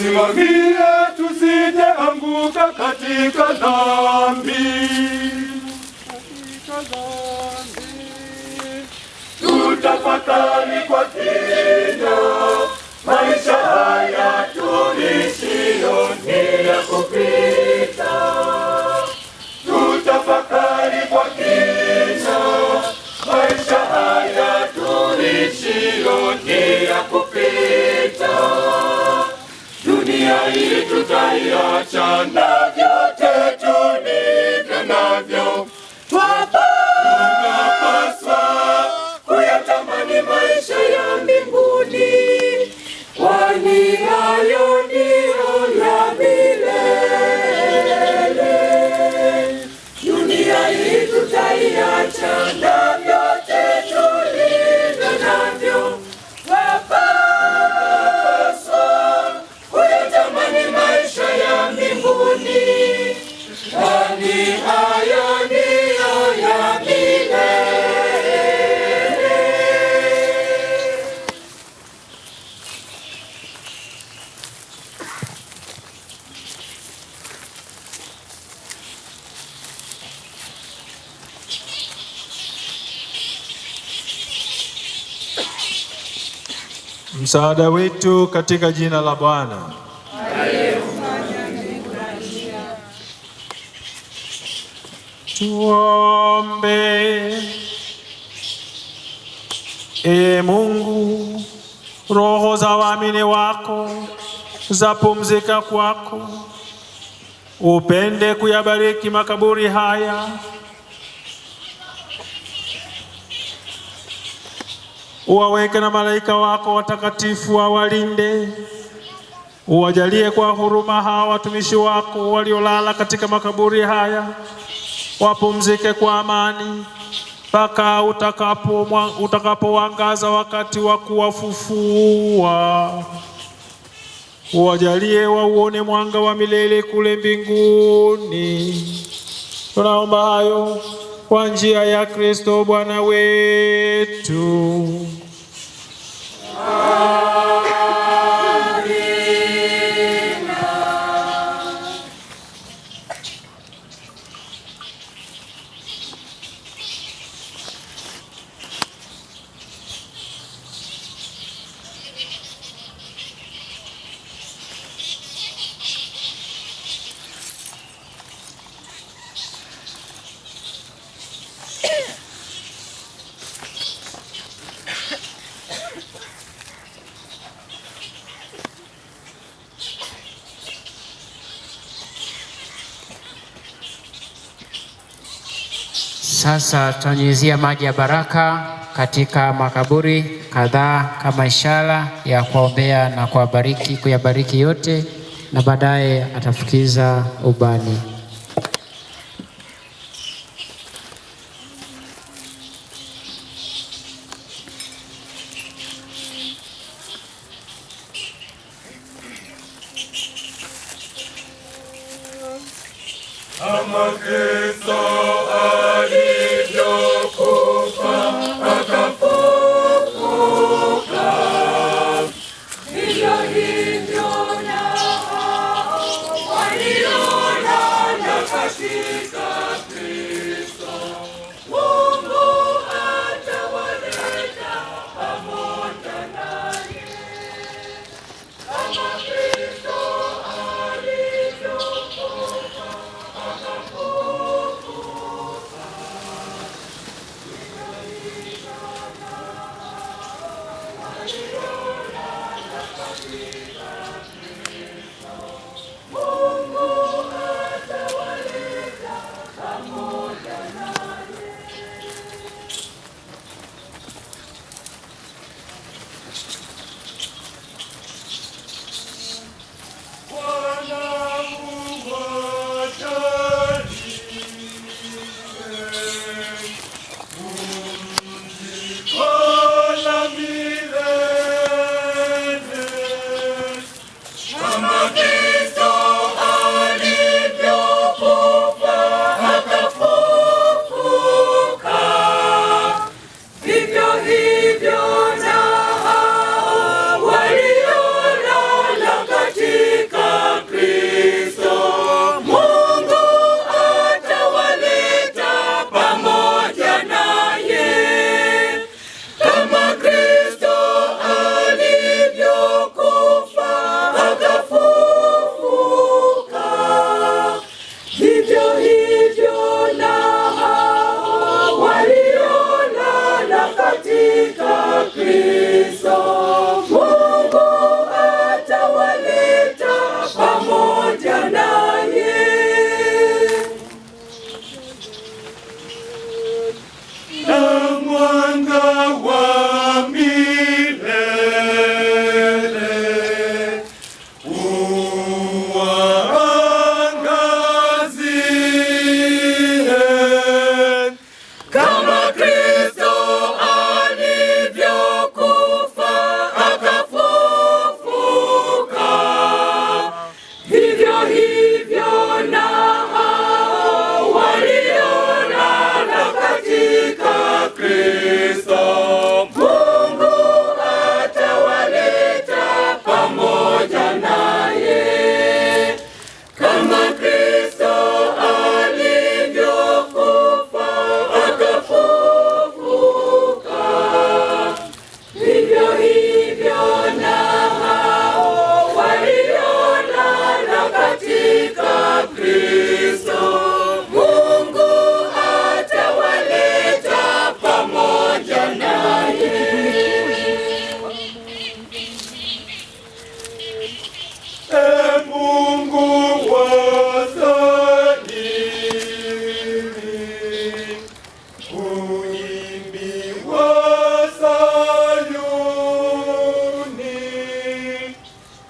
Tusimamie tusije anguka katika dhambi, tutafakari kwa kina maisha haya tuishio ni ya kupita, tutafakari kwa kina maisha haya tuishio ni ya kupita. tutaiacha na vyote tulivyo navyo msaada wetu katika jina la Bwana. Tuombe. E Mungu, roho za waamini wako zapumzika kwako, upende kuyabariki makaburi haya uwaweke na malaika wako watakatifu wawalinde, uwajalie kwa huruma hawa watumishi wako waliolala katika makaburi haya, wapumzike kwa amani mpaka utakapowangaza wakati wa kuwafufua. Uwajalie wauone mwanga wa milele kule mbinguni. Tunaomba hayo kwa njia ya Kristo Bwana wetu. Sasa tutanyunyizia maji ya baraka katika makaburi kadhaa kama ishara ya kuombea na kuwabariki, kuyabariki yote, na baadaye atafukiza ubani. Ama Kristo ali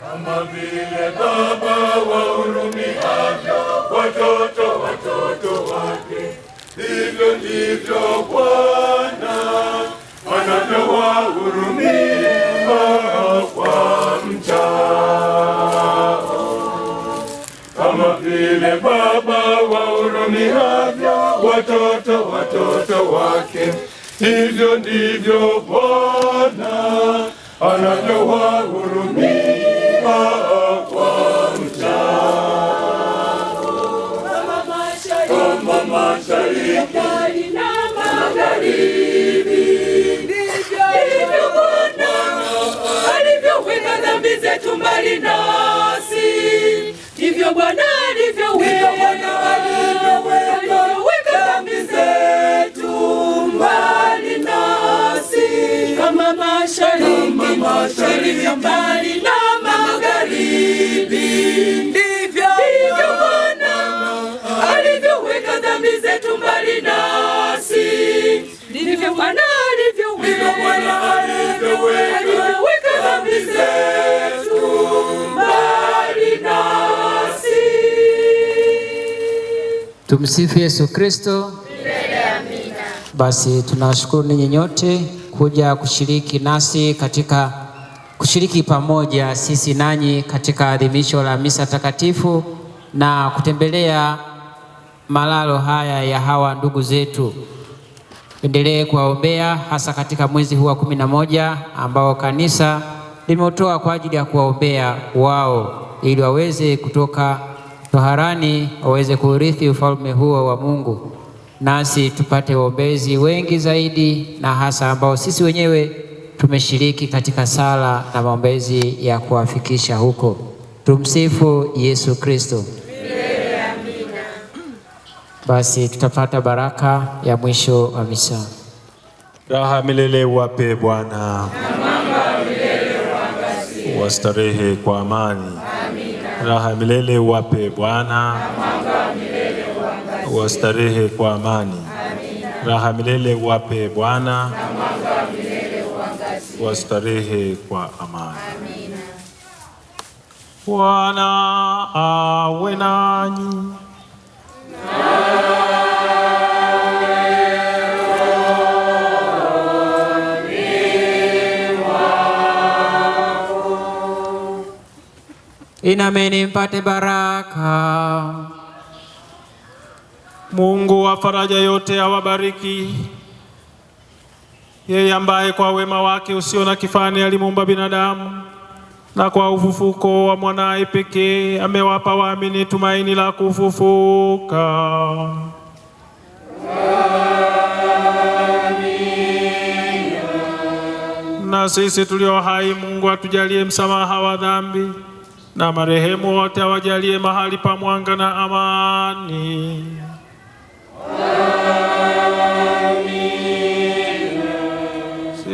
kama vile Baba wahurumiavyo watoto watoto wake, hivyo ndivyo Bwana kwa mcha. Kama vile Baba wahurumiavyo watoto watoto wake, hivyo ndivyo Bwana anajowahurumia wacha kama alivyoweka dhambi zetu mbali nasi, ndivyo Bwana yaliyo mbali na magharibi, ndivyo Bwana alivyoweka dhambi zetu mbali nasi, ndivyo Bwana Tumsifu Yesu Kristo. Basi tunashukuru ninyi nyote kuja kushiriki nasi katika kushiriki pamoja sisi nanyi katika adhimisho la misa takatifu na kutembelea malalo haya ya hawa ndugu zetu. Endelee kuwaombea hasa katika mwezi huu wa kumi na moja ambao kanisa limeutoa kwa ajili ya kuwaombea wao ili waweze kutoka toharani waweze kuurithi ufalme huo wa Mungu, nasi tupate waombezi wengi zaidi na hasa ambao sisi wenyewe tumeshiriki katika sala na maombezi ya kuwafikisha huko. Tumsifu Yesu Kristo. Basi tutapata baraka ya mwisho wa misa. Raha milele wape Bwana, wastarehe kwa amani. Amina. Raha milele wape Bwana, wastarehe kwa amani. Amina. Raha milele wape Bwana wastarehe kwa amani. Bwana awe nanyi. Inameni mpate baraka. Mungu wa faraja yote awabariki yeye ambaye kwa wema wake usio na kifani alimuumba binadamu na kwa ufufuko wa mwanaye pekee amewapa waamini tumaini la kufufuka. Amina. Na sisi tulio hai, Mungu atujalie msamaha wa dhambi na marehemu wote awajalie mahali pa mwanga na amani.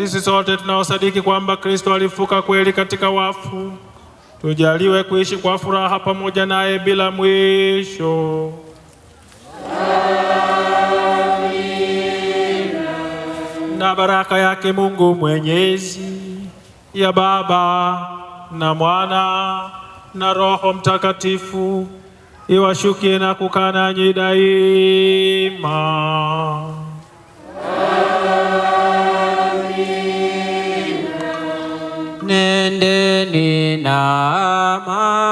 Sisi sote tunaosadiki kwamba Kristo alifuka kweli katika wafu, tujaliwe kuishi kwa furaha pamoja naye bila mwisho. Amina. Na baraka yake Mungu Mwenyezi ya Baba na Mwana na Roho Mtakatifu iwashukie na kukaa nanyi daima. Nandini Nama